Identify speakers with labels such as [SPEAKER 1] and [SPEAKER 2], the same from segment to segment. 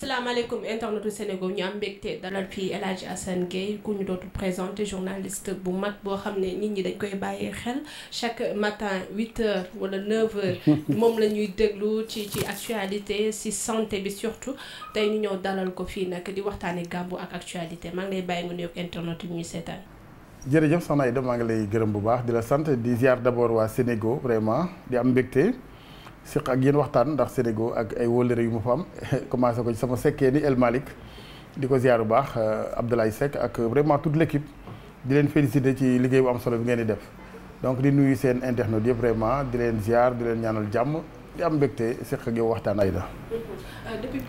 [SPEAKER 1] salaamaaleykum internetu Sénégal ñu am mbégte dalal fii El Hadj Assane Gueye ku ñu dootul présenté journaliste bu mag boo xam ne nit ñi dañ koy bàyyi xel chaque matin 8 heures wala 9 heures moom la ñuy déglu ci ci actualité si santé bi surtout tey ñu ñëw dalal ko fii nag di waxtaane gàmmu ak actualité maa ngi lay bàyyi nga nuyoog internet yi ñuy seetaan.
[SPEAKER 2] jërëjëf soxna Aïda maa ngi lay gërëm bu baax di la sant di ziar d' abord waa Sénégal vraiment di am mbégte. siq ak yéen waxtaan ndax Sénégal ak ay wóllëre yu ma fa am commencé ko ci sama sekkee ni El Malick di ko ziar bu baax euh, Abdoulaye Seck ak euh, vraiment toute l' équipe di leen féliciter ci liggéey bu am solo bi ngeen di def donc di nuyu seen internet yëpp vraiment di leen ziar di leen ñaanal jàmm di am mbégte siq ak yow waxtaan ay la
[SPEAKER 1] euh, depuis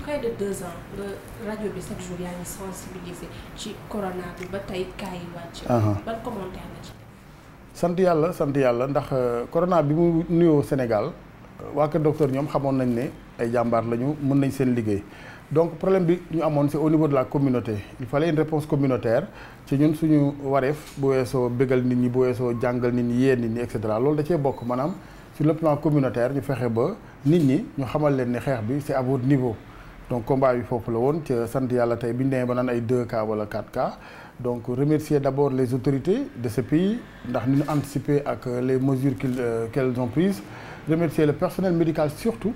[SPEAKER 2] sant yàlla sant yàlla ndax corona bi mu nuyoo Sénégal. waa kër docteur ñoom xamoon nañ ne ay jàmbaar lañu mën nañ seen liggéey donc problème bi ñu amoon c'est au niveau de la communauté il fa une réponse communautaire ci ñun suñu wareef bu weesoo bégal nit ñi boo weesoo jàngal nit ñi yee nit ñi et cetera loolu da cee bokk maanaam sur le plan communautaire ñu fexe ba nit ñi ñu xamal leen ni xeex bi c'est à votre niveau donc combat bi foofu la woon ca sant yàlla tey bi ñu demee ba naan ay 2 cas wala 4 cas donc remercier d'abord les autorités de ce pays ndax ni ñu anticiper ak les mesures euh, qu'elles ont prises remercier le personnel médical surtout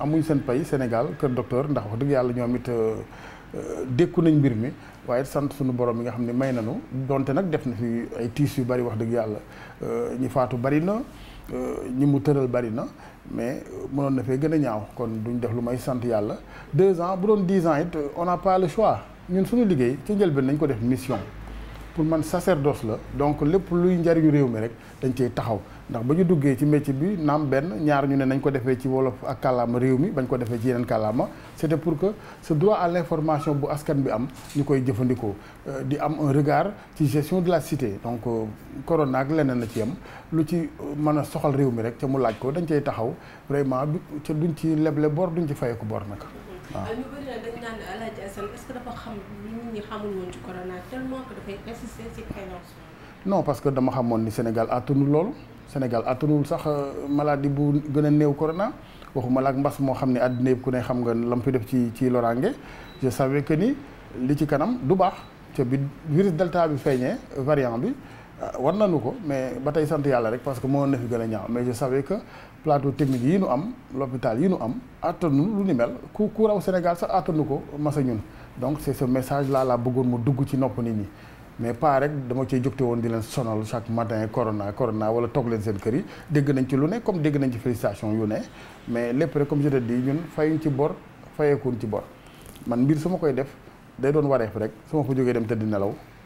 [SPEAKER 2] amuñ seen pays Sénégal kër docteur ndax wax dëgg yàlla ñoom it euh, euh, dékku nañ mbir mi waaye sant suñu borom mi nga xam ne may nañu donte nag def na fi ay tiis yu bari wax dëgg yàlla euh, ñi faatu bari na ñi mu tëral bari na mais mënoon na fee gën a ñaaw kon duñ def lu may sant yàlla deux ans bu doon dix ans it on n'a pas le choix ñun suñu liggéey ci njëlbeen nañ ko def mission pour man sacerdoce la donc lépp luy njariñu réew mi rek dañ cey taxaw ndax ba ñu duggee ci métier bi naam benn ñaar ñu ne nañ ko defee ci wolof ak kàllaama réew mi bañ ko defee ci yeneen kàllaama c'était pour que ce droit à l'information bu askan bi am ñu koy jëfandikoo euh, di am un regard ci gestion de la cité donc euh, corona ak leneen na ci yem lu ci euh, mën a soxal réew mi rek ca mu laaj ko dañ cey taxaw vraiment ca duñ ci leble bor duñ ci fayeku bor nag waaw
[SPEAKER 1] que dafa xam nit ñi xamul woon ci corona
[SPEAKER 2] non parce que dama xamoon ni Sénégal àttanul loolu Sénégal àttanul sax euh, maladie bu gën a néew corona waxuma la ak mbas moo xam ne àddina yëpp ku ne xam nga lam fi def ci ci loraange je savais que ni li ci kanam du baax ca bi virus delta bi feeñee variant bi. Euh, war nañu ko mais ba tey sant yàlla rek parce que moo na fi gën a ñaaw mais je savais que plateau technique yi nu am l'hôpital yi nu am attanu lu ni mel ku ku raw Sénégal sax attanu ko donc c' est ce message là la bëggoon mu dugg ci nopp nit ñi mais pas rek dama cee jógte woon di leen sonal chaque matin corona corona wala toog leen seen kër yi dégg nañ ci lu ne comme dégg nañ ci félicitation yu ne mais lépp rek comme je te dis ñun fayuñ ci bor fayeekuñ ci bor man mbir su ma koy def day doon wareef rek su ma ko jógee dem tëdd nelaw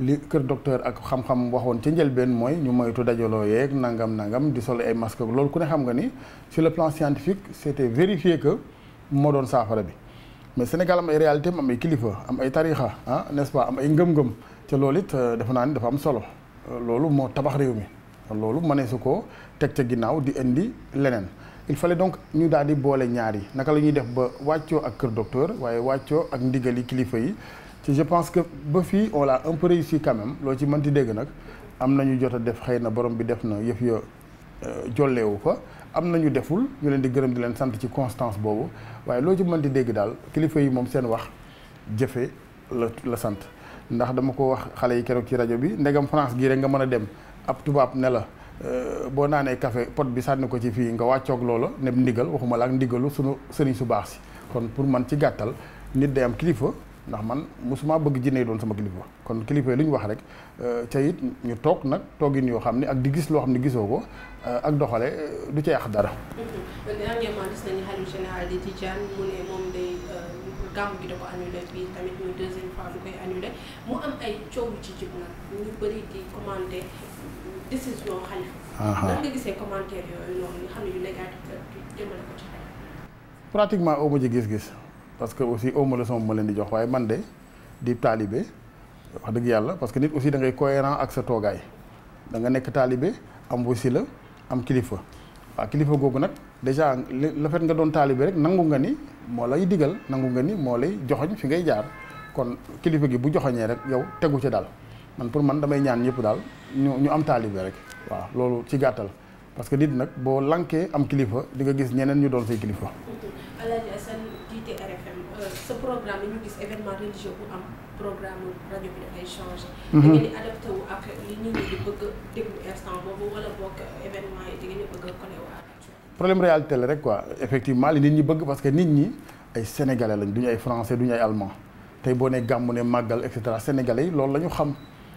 [SPEAKER 2] li kër docteur ak xam-xam waxoon ca njëlbeen mooy ñu moytu dajaloo yeeg nangam nangam di sol ay masque loolu ku ne xam nga ni si le plan scientifique c'était vérifié que moo doon saafara bi mais Sénégal am ay réalité am ay kilifa am ay tarixa ah n'est-ce am ay ngëm-ngëm te loolu it euh, defe naa ni dafa am solo euh, loolu moo tabax réew mi loolu mënee su ko teg ca ginnaaw di indi leneen il fallait donc ñu daal di boole ñaar yi naka la ñuy def ba wàccoo ak kër docteur waaye wàccoo ak ndigali kilifa yi ci je pense que ba fii on a un peu réussi quand loo ci mënti dégg nag am na ñu jot a def xëy na borom bi def na yëf ya euh, jolleewu fa am na ñu deful ñu leen di gërëm di leen sant ci constance boobu waaye loo ci mënti dégg daal kilifa yi moom seen wax jëfe la sant ndax dama ko wax xale yi keroog ci rajo bi ndegam France gii rek nga mën a dem ab tubaab ne la euh, boo naanee kafe pot bi sànni ko ci fii nga wàccoog loola ne ndigal waxuma la ak ndigalu sunu sëriñ su baax si kon pour man ci gàttal nit day kilifa ndax man mosuma bëgg jinne doon sama kilifa kon kilifa yi lu ñu wax rek euh, ca it ñu toog nag toogin yoo xam ne ak di gis loo xam ne gisoo ko euh, ak doxale euh, du ca dara.
[SPEAKER 1] gis nag ñu bëri di commenté décision xalifa. nan nga gisee commentaire yooyu noonu nga xam ne yu négatif la jëmale
[SPEAKER 2] pratiquement aw ci gis-gis. parce que aussi au moins leçon bu ma leen di jox waaye man de di taalibe wax dëgg yàlla parce que nit aussi da ngay cohérent ak sa toogaay da nga nekk taalibe am wasila am kilifa waaw kilifa googu nag déjà le nga doon taalibe rek nangu nga ni moo lay digal nangu nga ni moo lay joxoñ fi ngay jaar kon kilifa gi bu joxoñee rek yow tegu ci daal man pour man damay ñaan ñëpp daal ñu ñu am taalibe rek waaw loolu ci gàttal parce que nit nag boo lankee am kilifa di nga gis ñeneen ñu doon say kilifa.
[SPEAKER 1] sa programme dañu gis événement religieux bu mhm. nit ñi bëgg
[SPEAKER 2] problème réalité la rek quoi effectivement li nit ñi bëgg parce que nit ñi ay sénégalais lañ duñu ay français duñu ay allemand tey boo ne gàmmu ne màggal et cetera yi loolu la ñu xam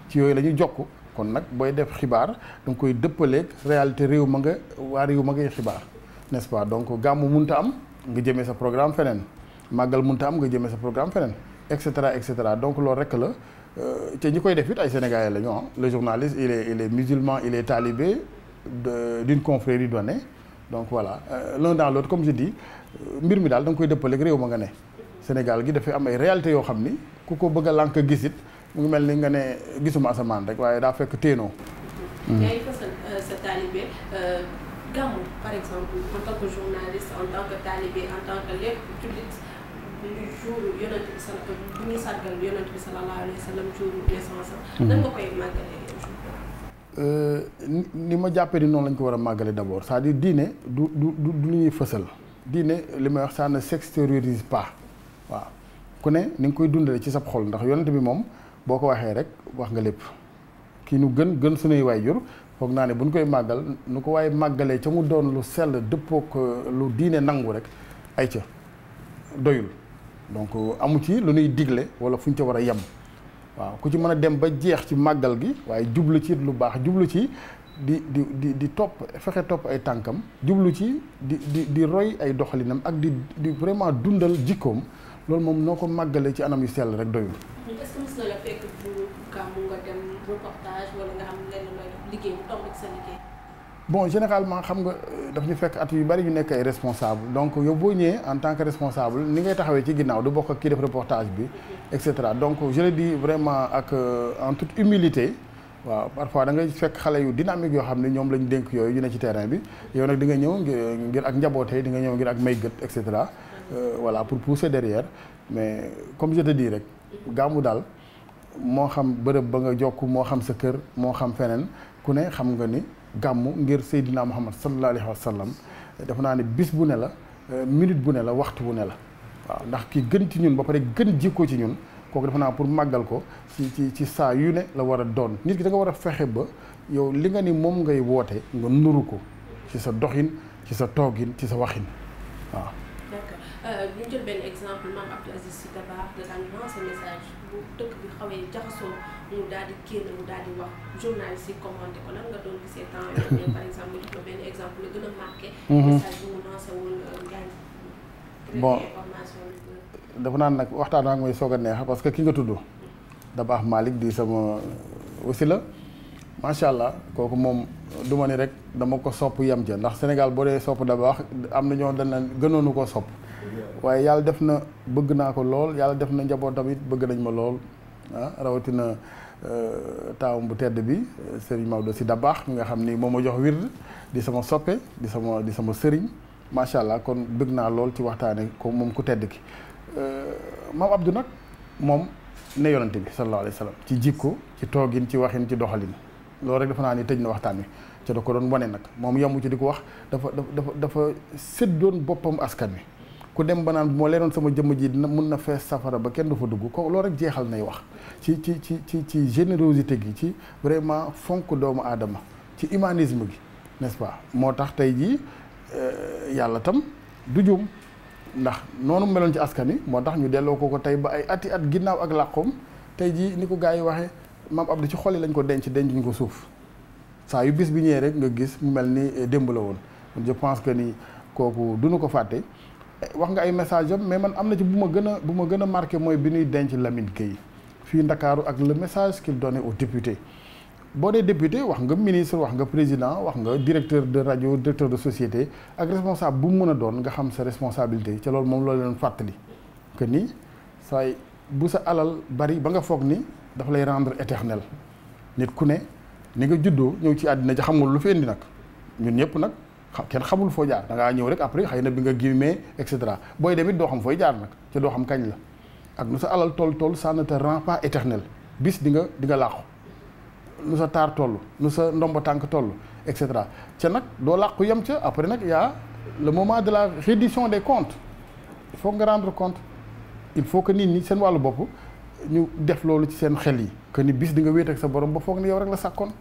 [SPEAKER 2] ci yooyu la jokk kon nag booy def xibaar da nga koy dëppaleeg réalité réew ma nga waa réew ma ngay xibaar n'est-ce pas donc gàmmu munta am nga jëmee sa programme feneen. màggal mënta am nga jëmee sa programme feneen et cetera et cetera donc loolu rek la euh, te ñi koy def it ay sénégalais la ñu ah le journaliste il est il est musulman il est talibé de d'une confrérie donnée donc voilà euh, l'un dans l'autre comme je dis euh, mbir mi daal da koy dëppale ak réew ma nga ne Sénégal gi dafay am ay réalité yoo xam ni ku ko bëgg lank lànk gis it mu ngi mel ni nga ne gisuma asamaan rek waaye daa fekk téenoo mm. Mm.
[SPEAKER 1] yaay ñu mhm.
[SPEAKER 2] euh, ni ma jàppee ni noonu lañ ko war a màggale d'abord cest à diine du du du lu ñuy fësal diine li may wax sànn ne s'extériorise pas waaw ku ne ni nga koy dundale ci sab xol ndax yonent bi moom boo ko waxee rek wax nga lépp kii nu gën gën sunuy jur foog naa ne bu ñu koy màggal nu ko waaye màggalee ca mu doon lu sell dëppook euh, lu diine nangu rek ay ca doyul donc euh, amu ci lu ñuy digle wala fu ñu ca war a yem waaw ku ci mën a dem ba jeex ci màggal gi waaye jublu ci lu baax jublu ci di di di di topp fexe topp ay tànkam jublu ci di di di roy ay doxalinam ak di di vraiment dundal jikkoom loolu moom noo ko màggalee ci anam yu sell rek doyul. bon généralement xam nga daf ñu fekk at yu bari ñu nekk ay responsable donc yow boo ñëwee en tant que responsable ni ngay taxawee ci ginnaaw du bokk ak kii def reportage bi et cetera donc je le dis vraiment ak euh, en toute humilité waaw parfois da ngay fekk xale yu dynamique yoo xam ne ñoom lañ dénk yooyu ñu ne ci terrain bi yow nag di nga ñëw ngir ak njabootee di nga ñëw ngir ak may gët et cetera euh, voilà pour pousser derrière mais comme je te dis rek gàmmu daal. moo xam bërëb ba nga jokk moo xam sa kër moo xam feneen ku ne xam nga ni gàmm ngir Seydina Muhammad sallallahu alayhi wa sallam dafa naa ne bis bu ne la euh, minute bu ne la waxtu bu ne la waaw ndax ki gën ci ñun ba pare gën jikkoo ci ñun kooku dafa naa pour màggal ko ci ci ci saa yu ne la war a doon nit ki da nga war a fexe ba yow li nga ni moom ngay woote nga nuru ko ci sa doxin ci sa toogin ci sa waxin waaw
[SPEAKER 1] ñu jël benn exemple maam Abdou Aziz Sy Dabakh da mhm.
[SPEAKER 2] euh, dafa naan nag waxtaan ak mooy soog a neex parce que ki nga tudd. Mm. dabaax Malick di sama aussi la macha allah kooku moom du ma ni rek dama ko sopp yam ca ndax Sénégal boo dee sopp Dabakh am na ñoo dañ gënoonu koo sopp. waaye yàlla def na bëgg naa ko lool yàlla def na njabootam it bëgg nañ ma lool ah rawatina euh, taawam bu tedd bi sëriñ Maodo si da baax mi nga xam ni moom ma jox wird di sama soppe di sama di sama sëriñ macha allah kon bëgg naa lool ci waxtaane ko moom ku tedd ki euh, maam Abdou nag moom ne yonante bi sallallahu alayhi wa sallam ci jikko ci toogin ci waxin ci doxalin loolu rek dafa naa ni tëj na waxtaan wi ca da ko doon wane nag moom yemu ci di ko wax dafa dafa dafa séddoon boppam askan wi ku dem ba naan moo leenoon sama jëmm ji dina mun na fees safara ba kenn du fa dugg ko loolu rek jeexal nay wax ci ci ci ci ci générosité gi ci vraiment fonk doomu aadama ci humanisme gi n'est-ce pas moo tax tey jii euh, yàlla tam du juum ndax noonu meloon ci askan wi moo tax ñu delloo ko ko tey ba ay ati at ginnaaw ak làqoom tey jii ni ko gars yi waxee maam Abdou ci xol yi lañ ko denc dencuñ ko suuf saa yu bis bi ñëwee rek nga gis mu mel ni euh, démb la woon je pense que ni kooku duñu ko fàtte. wax nga ay message am mais man am na ci bu ma gën a bu ma gën a marqué mooy bi ñuy denc Lamine Gueye fii Ndakaaru ak le message qu'il donnait aux députés boo dee député wax nga ministre wax nga président wax nga directeur de radio directeur de société ak responsable bu mu mën a doon nga xam sa responsabilité ca loolu moom loolu leen fàttali que nii saay bu sa alal bari ba nga foog nii dafa lay rendre éternel nit ku ne ni nga juddoo ñëw ci àddina ji xamul lu fi indi nag ñun ñëpp nag kenn xamul foo jaar dangaa ñëw rek après xëy na bi nga gémmee et cetera booy dem it doo xam fooy jaar nag te doo xam kañ la ak nu sa alal toll toll ça ne te rend pas éternel bis di nga di nga làqu nu sa taar toll nu sa ndomba tànk toll et cetera ca nag doo làqu yem ca après nag yaa le moment de la reddition des comptes foog nga rendre compte il faut que nit ñi seen wàllu bopp ñu def loolu ci seen xel yi que ni bis di nga wéet ak sa borom ba foog ne yow rek la sàkkoon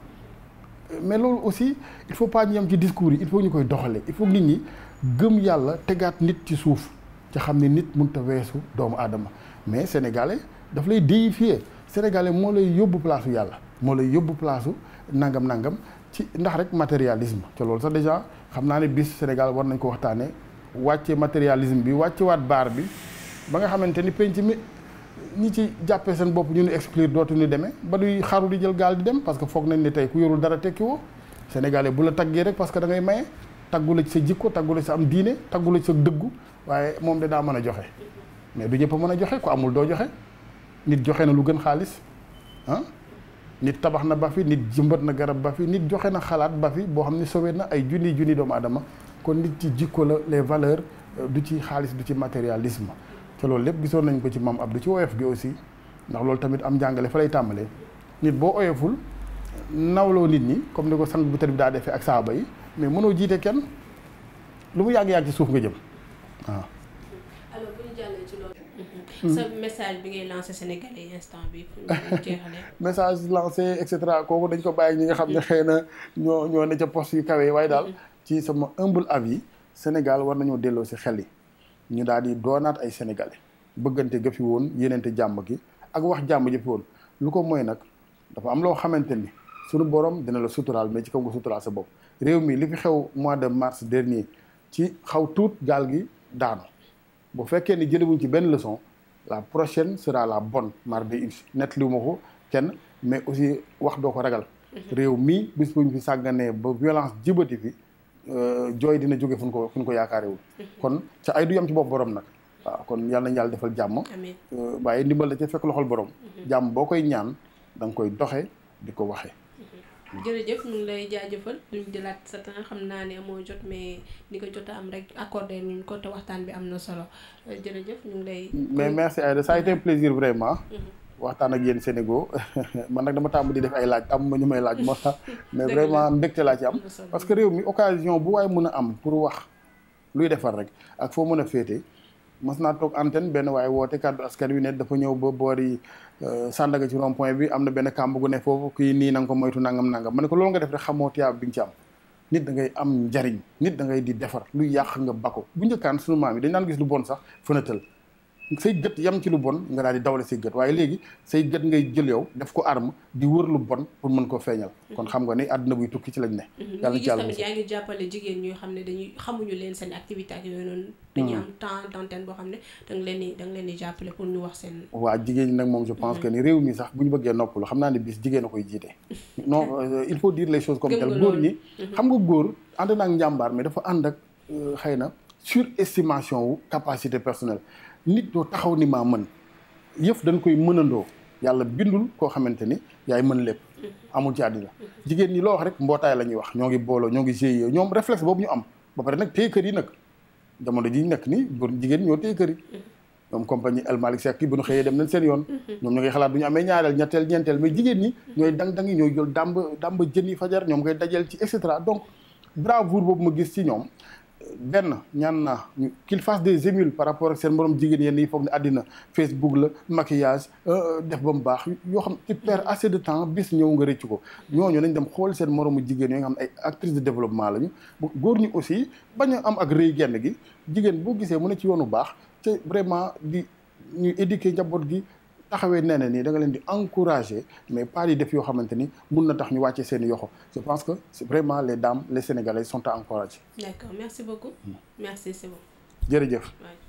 [SPEAKER 2] mais loolu aussi il faut pas ñu yem ci discours yi il faut ñu koy doxalee il faut nit ñi gëm yàlla tegaat nit ci suuf ci xam ni nit mënut te weesu doomu aadama mais sénégalais daf lay déifier sénégalais moo lay yóbbu place yàlla moo lay yóbbu place nangam nangam ci ndax rek matérialisme te loolu sax déjà xam naa ne bis Sénégal war nañ ko waxtaanee wàcce matérialisme bi wàcce waat baar bi ba nga xamante ni penc mi. ñi ci jàppee seen bopp ñu ni exclure dootuñu demee ba duy xaru di jël gaal di dem parce que foog nañ ne tey ku yorul dara tekki woo sénégalais bu la taggee rek parce que da ngay maye taggu la ci sa jikko taggu sa am diine taggu sa dëggu waaye moom de daa mën a joxe mais du ñëpp mën a joxe ku amul doo joxe nit joxe na lu gën xaalis ah nit tabax na ba fi nit jëmbat na garab ba fi nit joxe na xalaat ba fi boo xam ne sauvé na ay junni junni doomu aadama kon nit ci jikko la les valeurs euh, du ci xaalis du ci matérialisme te loolu lépp gisoon nañ ko ci maam Abdou ci woyof gi aussi ndax loolu tamit am njàngale fa lay tàmbalee nit boo oyoful nawloo nit ñi comme ni ko sang bu tër bi daa defee ak saaba yi mais mënoo jiite kenn lu mu yàgg-yàgg ci suuf nga jëm waaw.
[SPEAKER 1] alors bu ñu jàllee hmm. message bi ngay
[SPEAKER 2] kooku dañ ko bàyyi ñi nga xam ne xëy na ñoo ñoo ne ca poste yu kawe waaye daal hmm. ci sama ab yi Sénégal war nañoo delloo si xel yi. ñu daal di doonaat ay sénégalais bëggante ga fi woon yenente jàmm gi ak wax jàmm ji fi woon lu ko mooy nag dafa am loo xamante ni sunu borom dina la suturaal mais ci kaw nga suturaal sa bopp réew mii li fi xew mois de mars dernier ci xaw tuut gaal gi daanu bu fekkee ni jëlewuñ ci benn leçon la prochaine sera la bonne mardi inch net li ma ko kenn mais aussi wax doo ko ragal mm-hmm. réew mi bis bu fi sàgganee ba violence jibati fi Euh, jooy dina jóge fu ko fu ñu ko yaakaarewul kon sa ay du yam ci bopp borom nag waaw kon yàlla nañu yàlla defal jàmm waaye euh, ndimbal la ca fekk loxol borom mhm. jàmm boo koy ñaan da koy doxe di ko waxe mhm.
[SPEAKER 1] jërëjëf ñu ngi lay jaajëfal duñ jëlaat sa temps xam naa ne amoo jot mais li ko jot a am rek accordé nuñ ko te waxtaan bi am na solo euh, jërëjëf ñu ngi
[SPEAKER 2] lay mais merci Aïda ça a été plaisir vraiment mhm. waxtaan ak yéen Sénégal man nag dama tàmm di def ay laaj am ma ñu may laaj moo tax mais vraiment mbégte laaj ci am parce que réew mi occasion bu waaye mën a am pour wax luy defar rek ak foo mën a féete mas naa toog antenne benn waaye woote kàddu askan wi ne dafa ñëw ba boori euh, Sandaga ci rond point bi am na benn kàmb gu ne foofu kii nii na nga ko moytu nangam nangam ma ne ko loolu nga def rek xamoo tiyaab bi nga ci am nit da ngay am njariñ nit da ngay di defar luy yàq nga bako bu njëkkaan sunu maam yi dañ daan gis lu bon sax fënatal say gët yam ci lu bon nga daal di dawale say gët waaye léegi say gët ngay jël yow def ko arme di wër lu bon pour mën koo feeñal kon xam nga ne àdduna buy tukki ci lañ ne mhm. yàlla ci yàlla yaa
[SPEAKER 1] ngi jàppale jigéen ñuy xam ne dañuy xamuñu leen seen activité ak yooyu noonu dañuy mhm. boo xam ne danga leen di danga leen di jàppale pour ñu wax seen
[SPEAKER 2] waa jigéen ñi nag moom je pense mhm. que ni réew mi sax bu ñu bëggee noppalu xam naa ne bis jigéen a koy jiite non euh, il faut diir les choses comme telles góor ñi xam nga góor ànd naag njàmbaar mais dafa ànd ak euh, xëy na surestimation wu capacité personnelle nit doo taxaw ni maa mën yëf dañ koy mënandoo yàlla bindul koo xamante ni yaay mën lépp amul ci àddina jigéen ñi loo wax rek mbootaay la ñuy wax ñoo ngi booloo ñoo ngi GIE ñoom réflexe boobu ñu am ba pare nag téye kër yi nag jamono ji ñu nekk nii góor jigéen ñoo téye kër yi ñoom compagnie El Malick Seck bu ñu xëyee dem nañ seen yoon ñoom ñoo ngi xalaat bu ñu amee ñaareel ñetteel ñeenteel mais jigéen ñi ñooy dang-dang yi ñooy jël dàmb dàmb jën yi fajar ñoom ngay dajeel ci et cetera donc bravoure boobu ma gis ci ñoom benn ñaan na ñu qu'il fasse des émules par rapport ak seen moroom jigéen yenn yi foog ne àddina Facebook la maquillage euh, euh, def ba mu baax yoo xam tu perds assez de temps bis ñëw nga rëcc ko ñooñu nañ dem xool seen moroomu jigéen yooyu nga xam ne ay actrices de développement lañu góor ñi aussi bañ a am ak rëy genn gi jigéen boo gisee mu ne ci yoonu baax te vraiment di ñu éduquer njaboot gi taxawee nee na nii danga leen di encourager mais pas di def yoo xamante ni mun na tax ñu wàccee seen yoxo je pense que c'est vraiment les dames les sénégalais sont à encourager.
[SPEAKER 1] d'accord hmm.
[SPEAKER 2] jërëjëf.